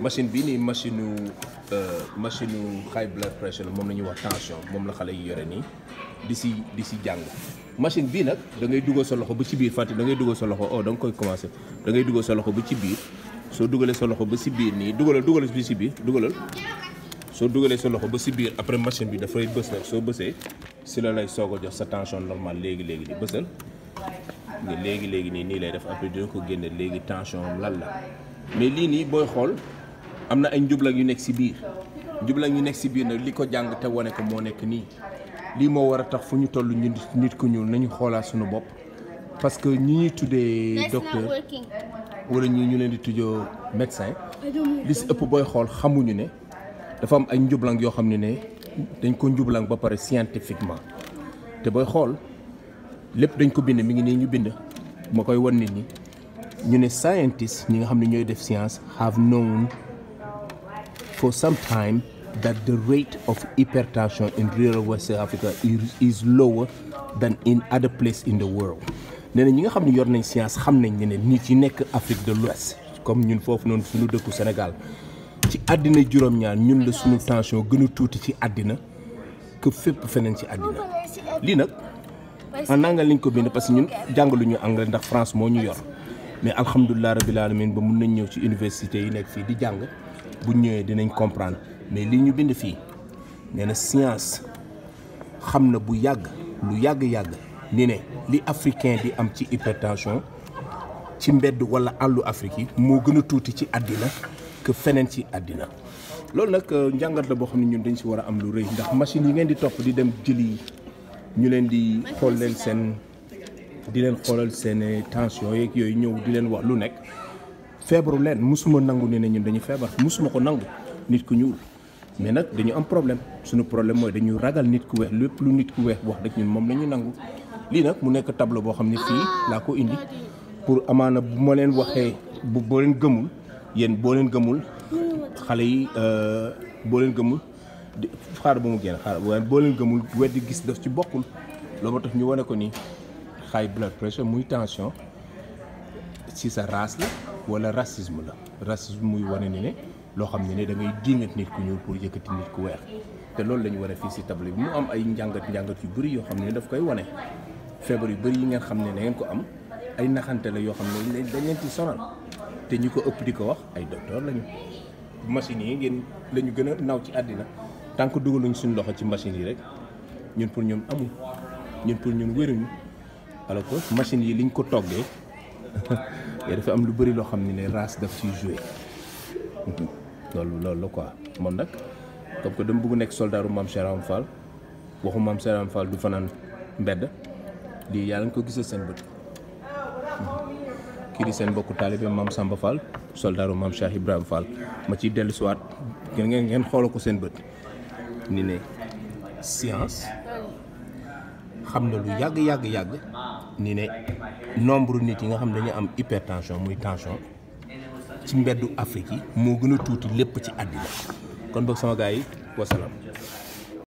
machine bii nii machine nu euh, machine nu high blood pressure la moom la ñuy wax tension moom la xale yu yore nii di si di si jàng machine bii nag da ngay dugal sa loxo ba ci biir fàtte da ngay dugal sa loxo oh da nga koy commencé da ngay dugal sa loxo ba ci biir soo dugalee sa loxo ba si biir nii dugalal dugalal bi si biir dugalal soo dugalee sa loxo ba si biir après machine bi dafay bës nag soo bësee si la lay soog a jox sa tension normale léegi léegi di bësal léegi léegi nii nii lay def après ko génne léegi tension am lan la am na ay njublang yu nekk si biir njublang yu nekk si biir nag li ko jàng te wane ko moo nekk nii lii moo war a tax fu ñu toll ñu nit ku ñuul nañu xoolaat suñu bopp parce que ñi ñuy tuddee docteur wala ñi ñu leen di tujoo médecin li si ëpp booy xool xamuñu ne dafa am ay njublang yoo xam ne ne dañ ko njublang ba pare scientifiquement te booy xool lépp dañ ko bind mi ngi nii ñu bind ma koy wan nit ñi ñu ne scientist ñi nga xam ne ñooy def science have known for some time that the rate of hypertension in rural West Africa is, lower than in other places in the world nee ñi nga xam ne yor nañ science xam nañ ne ne nit yi nekk Afrique de l'Ouest comme ñun foofu noonu suñu dëkku senegal ci àddina juróom-ñaar ñun la suñu tension gën a tuuti ci àddina këpp fépp feneen ci àddina lii nag en anglais lañ ko bind parce que ñun jàngaluñu anglais ndax France moo ñu yor mais alhamdulilah rabbil alamin ba mun nañ ñëw ci université yi nekk fii di jàng bu ñëwee dinañ comprendre mais li ñu bind fii nee na science xam na bu yàgg lu yàgg-yàgg ni ne li africain di am ci hypertension ci mbedd wala àllu Afrique yi moo gën a tuuti ci àddina que feneen ci àddina loolu nag euh, njàngat la boo xam ne ñun dañu si war a am lu rëy ndax machine yi ngeen di topp di dem jëli ñu leen di xool leen seen di leen xoolal seen tension yeeg yooyu ñëw di leen wax lu nekk febru len musuma nangou ne ñun dañu febar musuma ko nangou nit ku ñuul mais nak dañu am problème suñu problème moy dañu ragal nit ku weex lepp lu nit ku Wah, wax rek ñun moom la ñu nangu lii mu nekk tableau bo xamni fi la ko indi pour amana bu mo len waxee bu bo len gëmul yeen bo len gëmul xalé yi euh, bo len gëmul xaar bu mu génn xaar bo len gëmul weddi gis daf ci bokul lo tax ñu wane ko ni high blood pressure muy tension ci sa race la wala racisme la racisme muy wone ni ne lo xamni ne da ngay dingat nit ku ñuul pour yëkëti nit ku weex té loolu lañu wara fi ci fii table bi mu am ay njangat njangat yu bëri yo xamni daf koy wone feebar bëri yi nga xamni ne na ngeen ko am ay naxanté la yo xamni dañ leen ci sonal té ñuko ëpp di ko wax ay docteur lañu machine yi ngeen lañu gëna naw ci adina tant que dugaluñ suñ loxo ci machine yi rek ñun pour ñun amu ñun pour ñun wëruñu alors que machine yi liñ ko toggé mais dafa am lu bëri loo xam ne ne race daf ciy joué loolu loolu la quoi man nag comme que dama bëgg nekk soldaaru maam Cheikh Rahane Fall waxu maam Cheikh Rahane Fall du fanaan mbedd lii yàlla nga ko gisee seen bët kii di seen mbokku taalibe maam Samba Fall soldaaru maam Cheikh Ibrahima Fall ma ciy dellu ngeen ngeen ni ne science lu ni ne nombre nit yi nga xam ne dañu am hypertension muy tension ci mbeddu Afrique yi moo gën a tuuti lépp ci àddina kon boog sama gars yi wasalaam